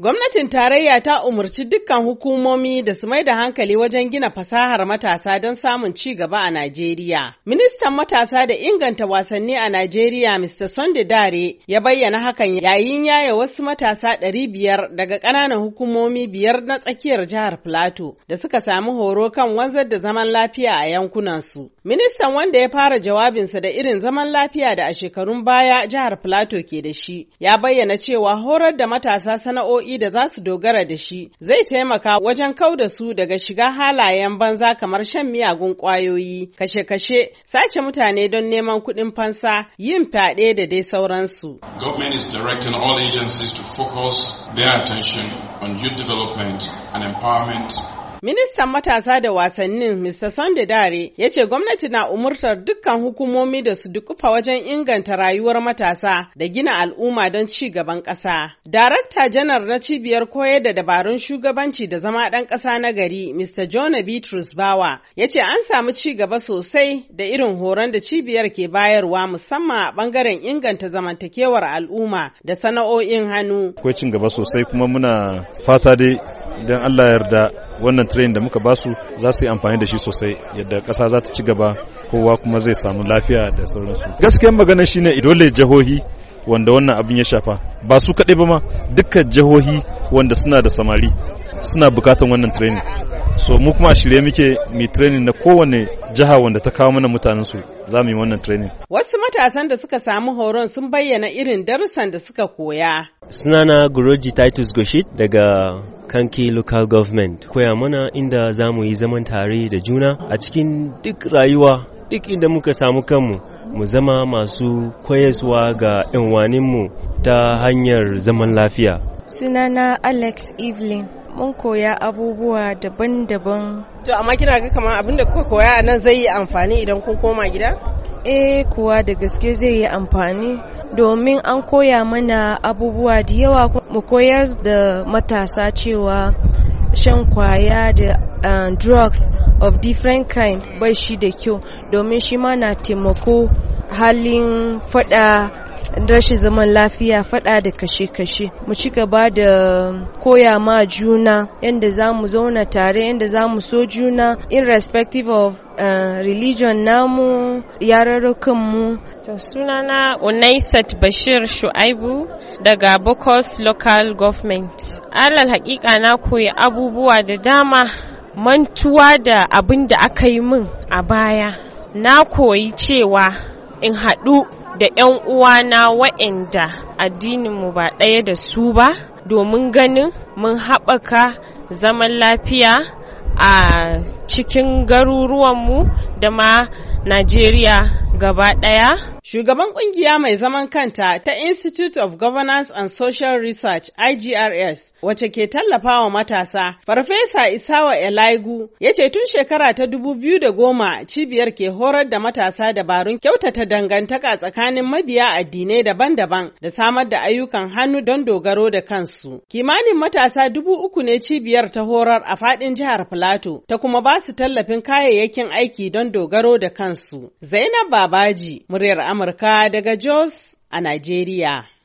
Gwamnatin tarayya ta umarci dukkan hukumomi da su mai da hankali wajen gina fasahar matasa don samun ci gaba a Najeriya. Ministan matasa da inganta wasanni a Najeriya Mr. Sunday Dare ya bayyana hakan yayin yaya wasu matasa ɗari biyar daga ƙananan hukumomi biyar na tsakiyar jihar Filato da suka samu horo kan wanzar da zaman lafiya a yankunansu. Ministan wanda ya fara jawabinsa da irin zaman lafiya da a shekarun baya jihar Filato ke da shi ya bayyana cewa horar da matasa sana'o'i sana'o'i da za su dogara da shi zai taimaka wajen kau da su daga shiga halayen banza kamar shan miyagun kwayoyi kashe-kashe sace mutane don neman kuɗin fansa yin fyaɗe da dai sauransu. Government is directing all agencies to focus their attention on youth development and empowerment Ministan matasa da wasannin Mr. Sunday Dare ya ce gwamnati na umurtar dukkan hukumomi da su dukufa wajen inganta rayuwar matasa da gina al'umma don ci gaban ƙasa. Darakta janar na cibiyar koyar da dabarun shugabanci da zama ɗan ƙasa na gari Mr. Jonah Bitrus Bawa ya ce an samu ci gaba sosai da irin horon da cibiyar ke bayarwa musamman a ɓangaren inganta zamantakewar al'umma da sana'o'in hannu. Akwai ci gaba sosai kuma muna fata dai idan Allah yarda wannan training da muka basu za su yi amfani da shi sosai yadda ƙasa za ta ci gaba kowa kuma zai samu lafiya da sauransu gaskiyan magana shine Idole jihohi wanda wannan abin ya shafa ba su kaɗai ba ma dukkan jihohi wanda suna da samari suna bukatan wannan training so mu kuma a shirye muke mai training na kowane jiha wanda ta kawo mana mutanen su za mu yi wannan training. Wasu matasan da suka samu horon sun bayyana irin darussan da suka koya. Sunana Guruji Titus Goshit daga Kanki Local Government. Koya mana inda za mu yi zaman tare da juna a cikin duk rayuwa duk inda muka samu kanmu mu zama masu koyaswa ga 'yan mu ta hanyar zaman lafiya. Sunana Alex Evelyn. mun koya abubuwa daban-daban to amma kina ga kamar abinda kuka koya a nan zai yi amfani idan kun koma gida eh kuwa da gaske zai yi amfani domin an koya mana abubuwa da yawa mu koyar da matasa cewa shan kwaya da eh, drugs of different kind bai shi da kyau domin shi ma na taimako halin fada rashin zaman lafiya faɗa da kashe-kashe mu ci gaba da koya ma juna yadda za mu zauna tare yadda za mu so juna irrespective of uh, religion namu yararrukanmu to sunana unaisat bashir shu'aibu daga bokos local government alal hakika na koyi abubuwa da dama mantuwa da abin da aka yi min a baya na koyi cewa in haɗu da 'yan uwana waɗanda addininmu ba ɗaya da su ba domin ganin mun haɓaka zaman lafiya a cikin garuruwanmu da ma Najeriya gaba ɗaya. Shugaban ƙungiya mai zaman kanta ta Institute of Governance and Social Research IGRS wace ke tallafawa matasa, Farfesa Isawa Elaigu ya ce tun shekara ta dubu biyu da goma cibiyar ke horar da matasa dabarun kyautata dangantaka tsakanin mabiya addinai daban-daban da samar da ayyukan hannu don dogaro da kansu. Kimanin matasa dubu uku ne cibiyar ta horar a faɗin jihar Filato ta kuma ba su tallafin kayayyakin aiki don dogaro da kansu. kansu. Zainab Babaji, muryar Amurka daga Jos a Najeriya.